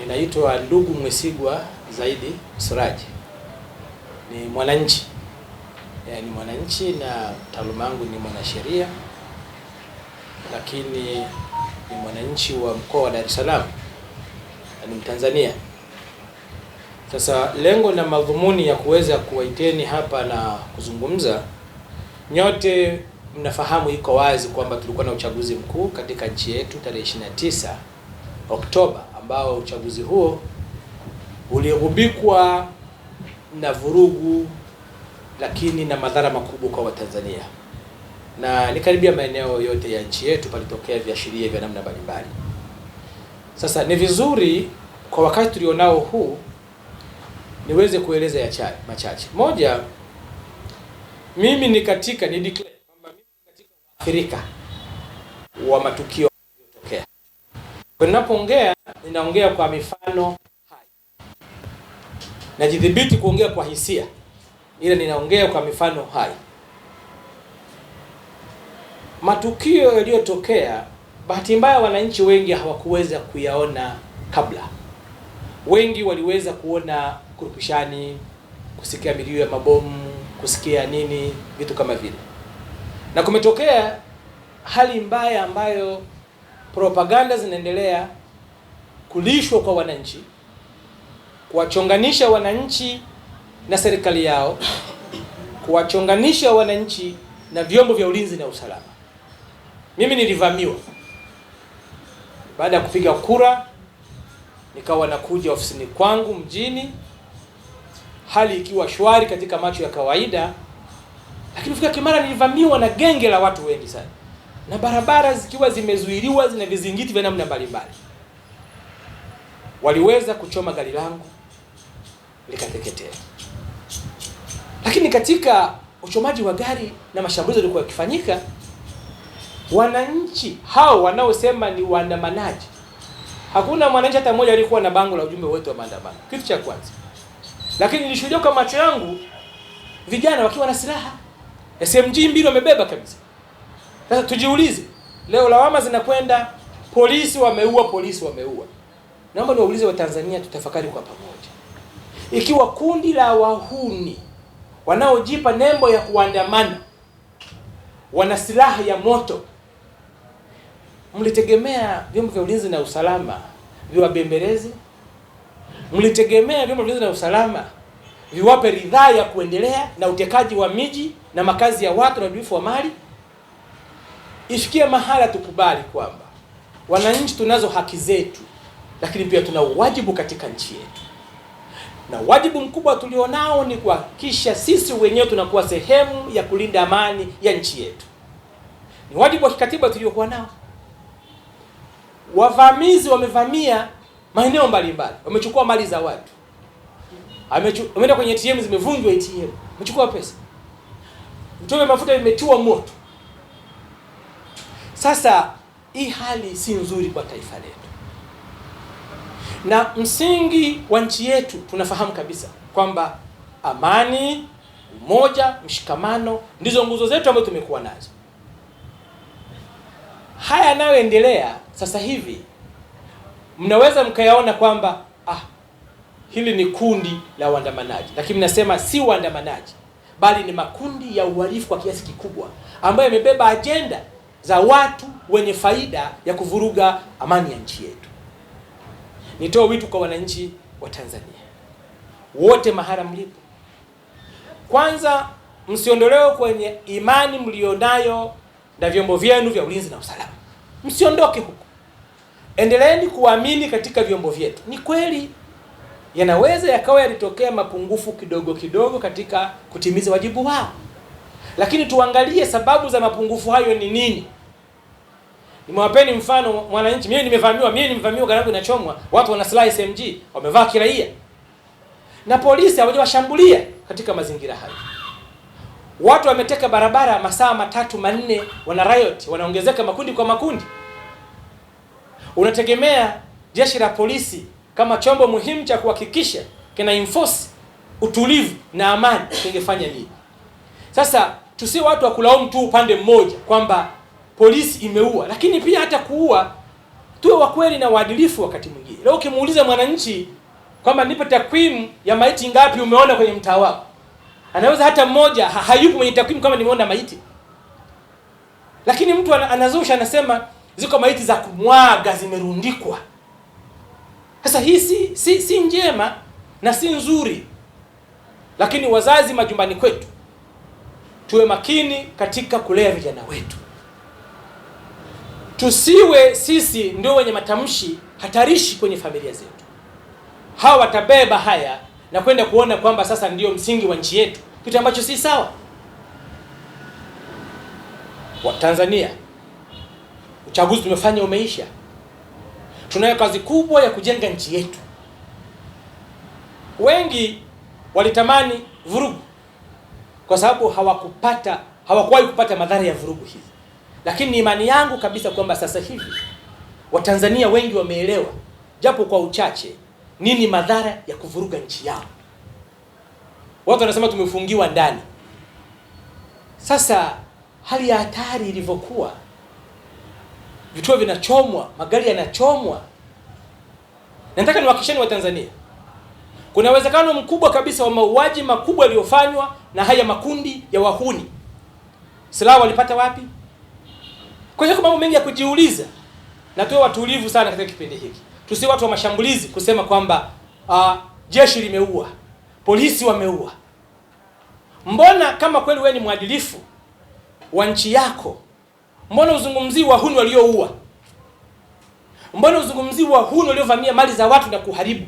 Ninaitwa ndugu Mwesigwa Zaidi Suraji, ni mwananchi e, ni mwananchi na taaluma yangu ni mwanasheria, lakini ni mwananchi wa mkoa wa Dar es Salaam na ni Mtanzania. Sasa lengo na madhumuni ya kuweza kuwaiteni hapa na kuzungumza, nyote mnafahamu, iko wazi kwamba tulikuwa na uchaguzi mkuu katika nchi yetu tarehe 29 Oktoba ambao uchaguzi huo uligubikwa na vurugu, lakini na madhara makubwa kwa Watanzania na ni karibia maeneo yote ya nchi yetu palitokea viashiria vya namna mbalimbali. Sasa ni vizuri kwa wakati tulionao huu niweze kueleza ya machache. Moja, mimi ni katika ni declare kwamba mimi katika waathirika wa matukio yaliyotokea. Kwa ninapoongea ninaongea kwa mifano hai. Najidhibiti kuongea kwa hisia, ila ninaongea kwa mifano hai. Matukio yaliyotokea, bahati mbaya, wananchi wengi hawakuweza kuyaona kabla. Wengi waliweza kuona kurupushani, kusikia milio ya mabomu, kusikia nini, vitu kama vile, na kumetokea hali mbaya ambayo propaganda zinaendelea kulishwa kwa wananchi, kuwachonganisha wananchi na serikali yao, kuwachonganisha wananchi na vyombo vya ulinzi na usalama. Mimi nilivamiwa baada ya kupiga kura, nikawa nakuja ofisini kwangu mjini, hali ikiwa shwari katika macho ya kawaida, lakini fika Kimara nilivamiwa na genge la watu wengi sana, na barabara zikiwa zimezuiliwa, zina vizingiti vya namna mbalimbali waliweza kuchoma gari langu likateketea. Lakini katika uchomaji wa gari na mashambulizi yalikuwa yakifanyika, wananchi hao wanaosema ni waandamanaji, hakuna mwananchi hata mmoja aliyekuwa na bango la ujumbe wote wa maandamano, kitu cha kwanza. Lakini nilishuhudia kwa macho yangu vijana wakiwa na silaha SMG mbili wamebeba kabisa. Sasa tujiulize, leo lawama zinakwenda polisi wameua, polisi wameua. Naomba niwaulize Watanzania, tutafakari kwa pamoja, ikiwa kundi la wahuni wanaojipa nembo ya kuandamana wana silaha ya moto, mlitegemea vyombo vya ulinzi na usalama viwabembeleze? Mlitegemea vyombo vya ulinzi na usalama viwape ridhaa ya kuendelea na utekaji wa miji na makazi ya watu na uharibifu wa mali? Ifikie mahala tukubali kwamba wananchi tunazo haki zetu lakini pia tuna wajibu katika nchi yetu, na wajibu mkubwa tulionao ni kuhakikisha sisi wenyewe tunakuwa sehemu ya kulinda amani ya nchi yetu. Ni wajibu wa kikatiba tuliokuwa nao. Wavamizi wamevamia maeneo mbalimbali, wamechukua mali za watu, wameenda kwenye ATM, zimevunjwa ATM, wamechukua pesa, vituo vya mafuta vimetiwa moto. Sasa hii hali si nzuri kwa taifa letu na msingi wa nchi yetu tunafahamu kabisa kwamba amani, umoja, mshikamano ndizo nguzo zetu ambazo tumekuwa nazo. Haya yanayoendelea sasa hivi mnaweza mkayaona kwamba ah, hili ni kundi la uandamanaji lakini nasema si uandamanaji bali ni makundi ya uhalifu kwa kiasi kikubwa ambayo yamebeba ajenda za watu wenye faida ya kuvuruga amani ya nchi yetu. Nitoe wito kwa wananchi wa Tanzania wote mahala mlipo, kwanza msiondolewe kwenye imani mlionayo na vyombo vyenu vya ulinzi na usalama. Msiondoke huko, endeleeni kuamini katika vyombo vyetu. Ni kweli yanaweza yakawa yalitokea mapungufu kidogo kidogo katika kutimiza wajibu wao, lakini tuangalie sababu za mapungufu hayo ni nini. Nimewapeni mfano mwananchi, mimi nimevamiwa, mimi nimevamiwa, gari yangu inachomwa, watu wana silaha SMG, wamevaa kiraia na polisi hawajawashambulia katika mazingira hayo. Watu wameteka barabara masaa matatu manne, wana riot, wanaongezeka makundi kwa makundi. Unategemea jeshi la polisi kama chombo muhimu cha kuhakikisha kina enforce utulivu na amani, kingefanya nini? Sasa tusiwe watu wa kulaumu tu upande mmoja kwamba polisi imeua, lakini pia hata kuua, tuwe wa kweli na waadilifu wakati mwingine. Leo ukimuuliza mwananchi kwamba nipe takwimu ya maiti ngapi umeona kwenye mtaa wako, anaweza hata mmoja ha hayupo kwenye takwimu kama nimeona maiti, lakini mtu anazusha anasema ziko maiti za kumwaga zimerundikwa. Sasa hii si, si, si njema na si nzuri, lakini wazazi, majumbani kwetu tuwe makini katika kulea vijana wetu. Tusiwe sisi ndio wenye matamshi hatarishi kwenye familia zetu. Hawa watabeba haya na kwenda kuona kwamba sasa ndiyo msingi wa nchi yetu, kitu ambacho si sawa. Wa Tanzania, uchaguzi tumefanya umeisha. Tunayo kazi kubwa ya kujenga nchi yetu. Wengi walitamani vurugu kwa sababu hawakupata hawakuwahi kupata madhara ya vurugu hizi. Lakini ni imani yangu kabisa kwamba sasa hivi Watanzania wengi wameelewa japo kwa uchache nini madhara ya kuvuruga nchi yao. Watu wanasema tumefungiwa ndani. Sasa hali ya hatari ilivyokuwa, vituo vinachomwa, magari yanachomwa, nataka niwahakikisheni Watanzania kuna uwezekano mkubwa kabisa wa mauaji makubwa yaliyofanywa na haya makundi ya wahuni. Silaha walipata wapi? Kwa hiyo mambo mengi ya kujiuliza, na tuwe watulivu sana katika kipindi hiki, tusi watu wa mashambulizi kusema kwamba uh, jeshi limeua, polisi wameua. Mbona kama kweli wewe ni mwadilifu wa nchi yako, mbona uzungumzii wahuni walioua? Mbona uzungumzii wahuni waliovamia mali za watu na kuharibu?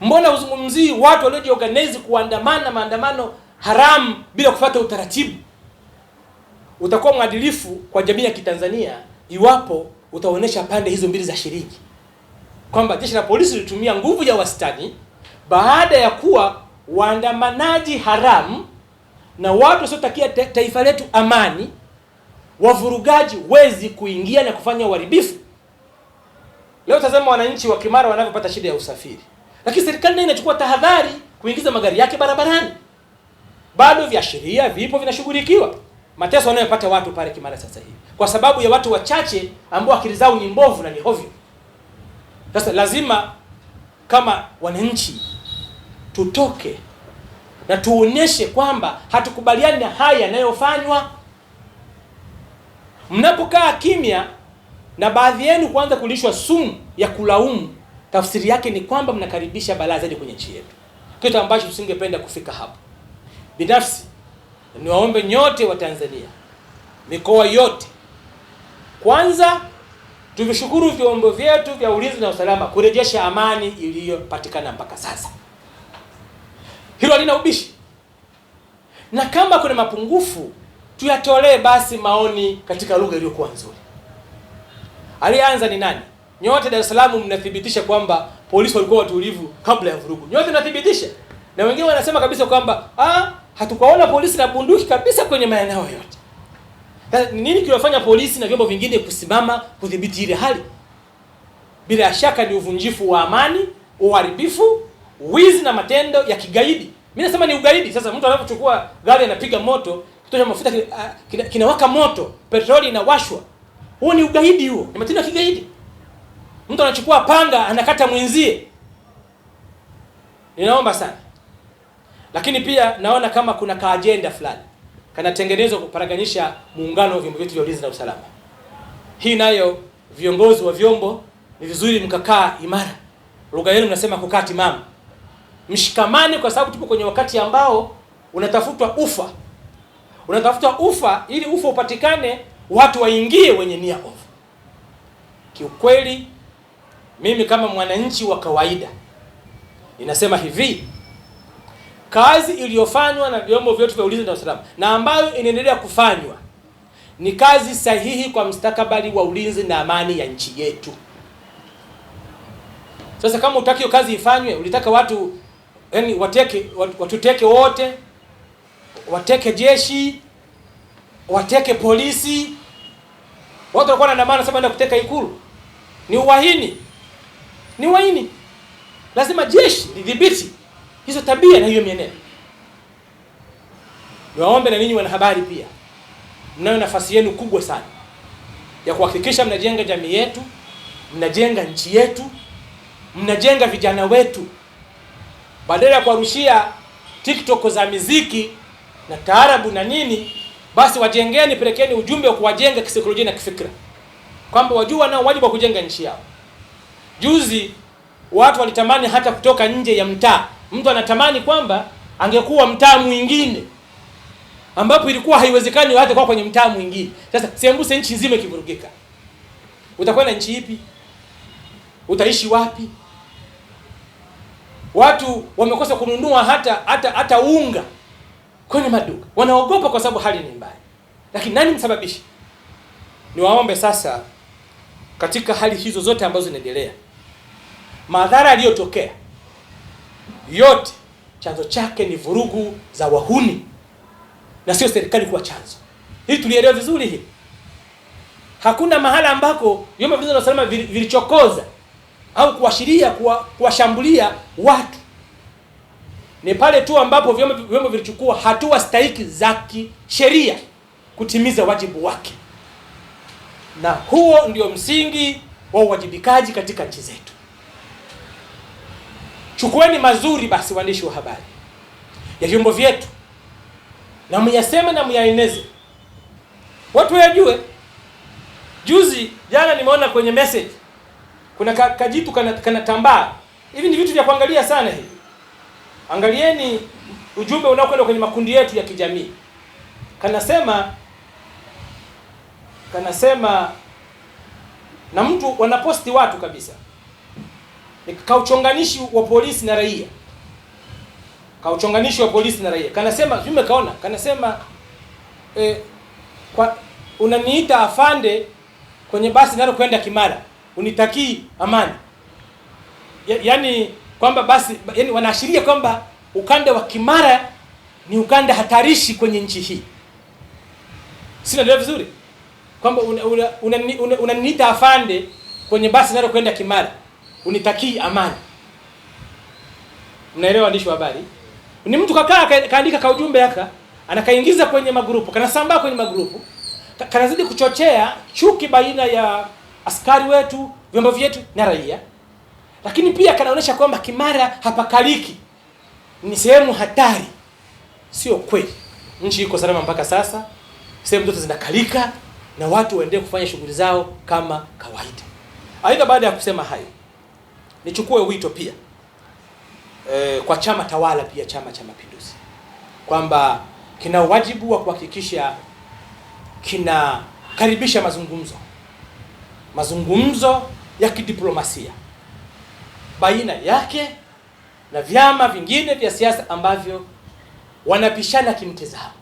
Mbona uzungumzii watu waliojiorganize kuandamana maandamano haramu bila kufuata utaratibu? utakuwa mwadilifu kwa jamii ya Kitanzania iwapo utaonesha pande hizo mbili za shilingi, kwamba jeshi la polisi lilitumia nguvu ya wastani baada ya kuwa waandamanaji haramu na watu wasiotakia taifa letu amani, wavurugaji, wezi kuingia na kufanya uharibifu. Leo tazama wananchi wa Kimara wanavyopata shida ya usafiri, lakini serikali nayo inachukua tahadhari kuingiza magari yake barabarani. Bado viashiria vipo vinashughulikiwa mateso wanayopata watu pale Kimara sasa hivi kwa sababu ya watu wachache ambao akili zao ni mbovu na ni hovyo. Sasa lazima kama wananchi tutoke na tuonyeshe kwamba hatukubaliani na haya yanayofanywa. Mnapokaa kimya na baadhi yenu kuanza kulishwa sumu ya kulaumu, tafsiri yake ni kwamba mnakaribisha balaa zaidi kwenye nchi yetu, kitu ambacho tusingependa kufika hapo. Binafsi Niwaombe nyote wa Tanzania, mikoa yote, kwanza tuvishukuru vyombo vyetu vya ulinzi na usalama kurejesha amani iliyopatikana mpaka sasa. Hilo halina ubishi, na kama kuna mapungufu tuyatolee basi maoni katika lugha iliyokuwa nzuri. Alianza ni nani? Nyote Dar es Salaam mnathibitisha kwamba polisi walikuwa watulivu kabla ya vurugu, nyote mnathibitisha, na wengine wanasema kabisa kwamba ah hatukaona polisi na bunduki kabisa kwenye maeneo yote. Eh, nini kiliwafanya polisi na vyombo vingine kusimama kudhibiti ile hali? Bila shaka ni uvunjifu wa amani, uharibifu, wizi na matendo ya kigaidi. Mimi nasema ni ugaidi. Sasa mtu anapochukua gari anapiga moto, kituo cha mafuta ah, kinawaka kina moto, petroli inawashwa. Huo ni ugaidi, huo ni matendo ya kigaidi. Mtu anachukua panga anakata mwenzie. Ninaomba sana lakini pia naona kama kuna kaajenda fulani kanatengenezwa kuparaganisha muungano wa vyombo vyetu vya ulinzi na usalama. Hii nayo viongozi wa vyombo ni vizuri mkakaa imara, lugha yenu mnasema kukaa timamu, mshikamane, kwa sababu tupo kwenye wakati ambao unatafutwa ufa, unatafutwa ufa. Ili ufa upatikane, watu waingie wenye nia ovu. Kiukweli mimi kama mwananchi wa kawaida ninasema hivi Kazi iliyofanywa na vyombo vyetu vya ulinzi na usalama na ambayo inaendelea kufanywa ni kazi sahihi kwa mstakabali wa ulinzi na amani ya nchi yetu. Sasa kama utaki hiyo kazi ifanywe, ulitaka watu yani wateke watuteke wote, wateke jeshi, wateke polisi, watu walikuwa maana sema kuteka Ikulu. Ni uwahini ni uwahini Lazima jeshi lidhibiti hizo tabia na hiyo mienendo. Niwaombe na ninyi wanahabari pia, mnayo nafasi yenu kubwa sana ya kuhakikisha mnajenga jamii yetu, mnajenga nchi yetu, mnajenga vijana wetu, badala ya kuwarushia TikTok za miziki na taarabu na nini. Basi wajengeni, pelekeni ujumbe wa kuwajenga kisaikolojia na kifikra, kwamba wajua nao wajibu wa kujenga nchi yao. Juzi watu walitamani hata kutoka nje ya mtaa mtu anatamani kwamba angekuwa mtaa mwingine ambapo ilikuwa haiwezekani hata kwa kwenye mtaa mwingine. Sasa sembuse nchi nzima ikivurugika, utakwenda nchi ipi? Utaishi wapi? Watu wamekosa kununua hata hata hata unga kwenye maduka, wanaogopa kwa sababu hali ni mbaya. Lakini nani msababishi? Niwaombe sasa, katika hali hizo zote ambazo zinaendelea, madhara yaliyotokea yote chanzo chake ni vurugu za wahuni na sio serikali kuwa chanzo. Hili tulielewa vizuri hili. Hakuna mahala ambako vyombo vya usalama vilichokoza au kuashiria kuwashambulia watu, ni pale tu ambapo vyombo vilichukua hatua stahiki za kisheria kutimiza wajibu wake, na huo ndio msingi wa uwajibikaji katika nchi zetu. Chukueni mazuri basi, waandishi wa habari ya vyombo vyetu, na myaseme na myaeneze, watu wayajue. Juzi jana nimeona kwenye message kuna ka, kajitu kanatambaa kana hivi, ni vitu vya kuangalia sana hivi. Angalieni ujumbe unaokwenda kwenye makundi yetu ya kijamii. Kanasema kanasema na mtu wanaposti watu kabisa ni kauchonganishi wa polisi na raia, kauchonganishi wa polisi na raia. Kanasema mimi kaona kanasema e, kwa unaniita afande kwenye basi nalo kwenda Kimara, unitakii amani ya, yani kwamba basi yani wanaashiria kwamba ukanda wa Kimara ni ukanda hatarishi kwenye nchi hii. Sinaelewa vizuri kwamba unaniita una, una, una afande kwenye basi nalo kwenda Kimara unitakii amani. Mnaelewa waandishi wa habari? Ni mtu kakaa kaandika ka ujumbe haka, anakaingiza kwenye magrupu, kanasambaa kwenye magrupu, kanazidi kuchochea chuki baina ya askari wetu, vyombo vyetu na raia, lakini pia kanaonyesha kwamba Kimara hapakaliki, ni sehemu hatari. Sio kweli, nchi iko salama mpaka sasa, sehemu zote zinakalika na watu waendelee kufanya shughuli zao kama kawaida. Aidha, baada ya kusema hayo nichukue wito pia e, kwa chama tawala pia Chama cha Mapinduzi kwamba kina wajibu wa kuhakikisha kinakaribisha mazungumzo mazungumzo ya kidiplomasia baina yake na vyama vingine vya siasa ambavyo wanapishana kimtezao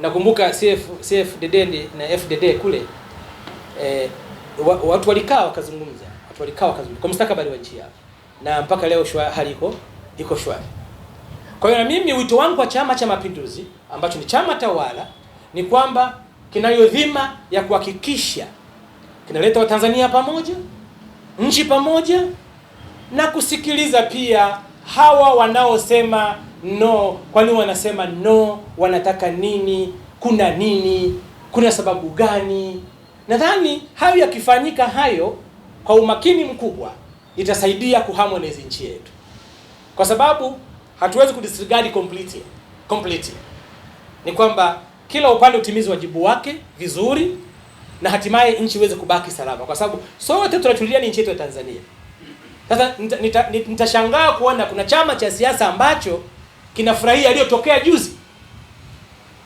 Nakumbuka CF, CFDD na FDD kule eh, watu walikaa wakazungumza, watu walikaa wakazungumza kwa mustakabali wa nchi yao, na mpaka leo shwa, hali iko iko shwari. Kwa hiyo na mimi wito wangu kwa Chama cha Mapinduzi ambacho ni chama tawala ni kwamba kinayo dhima ya kuhakikisha kinaleta Watanzania pamoja, nchi pamoja, na kusikiliza pia hawa wanaosema no. Kwani wanasema no, wanataka nini? Kuna nini? Kuna sababu gani? Nadhani hayo yakifanyika hayo kwa umakini mkubwa itasaidia kuharmonize nchi yetu, kwa sababu hatuwezi kudisregard completely. Completely ni kwamba kila upande utimize wajibu wake vizuri, na hatimaye nchi iweze kubaki salama, kwa sababu sote tunatulia ni nchi yetu ya Tanzania. Sasa nitashangaa nita, kuona kuna chama cha siasa ambacho kinafurahia aliyotokea juzi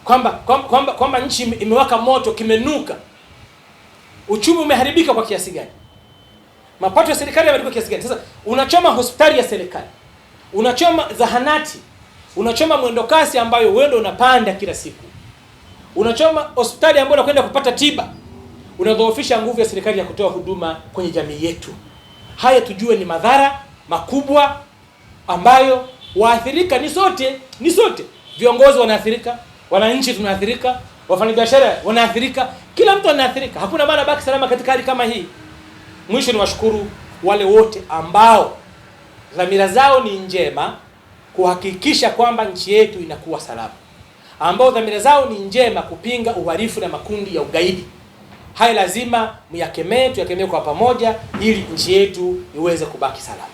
kwamba kwamba kwamba nchi imewaka moto, kimenuka uchumi umeharibika kwa kiasi gani, mapato ya serikali yameharibika kiasi gani. Sasa unachoma hospitali ya serikali, unachoma zahanati, unachoma mwendokasi ambayo wewe ndio unapanda kila siku, unachoma hospitali ambayo unakwenda kupata tiba, unadhoofisha nguvu ya serikali ya kutoa huduma kwenye jamii yetu. Haya tujue ni madhara makubwa ambayo waathirika ni sote, ni sote, viongozi wanaathirika, wananchi tunaathirika wafanyabiashara wanaathirika, kila mtu anaathirika. Hakuna bana baki salama katika hali kama hii. Mwisho ni washukuru wale wote ambao dhamira zao ni njema kuhakikisha kwamba nchi yetu inakuwa salama, ambao dhamira zao ni njema kupinga uhalifu na makundi ya ugaidi. Haya lazima myakemee, tuyakemee kwa pamoja, ili nchi yetu iweze kubaki salama.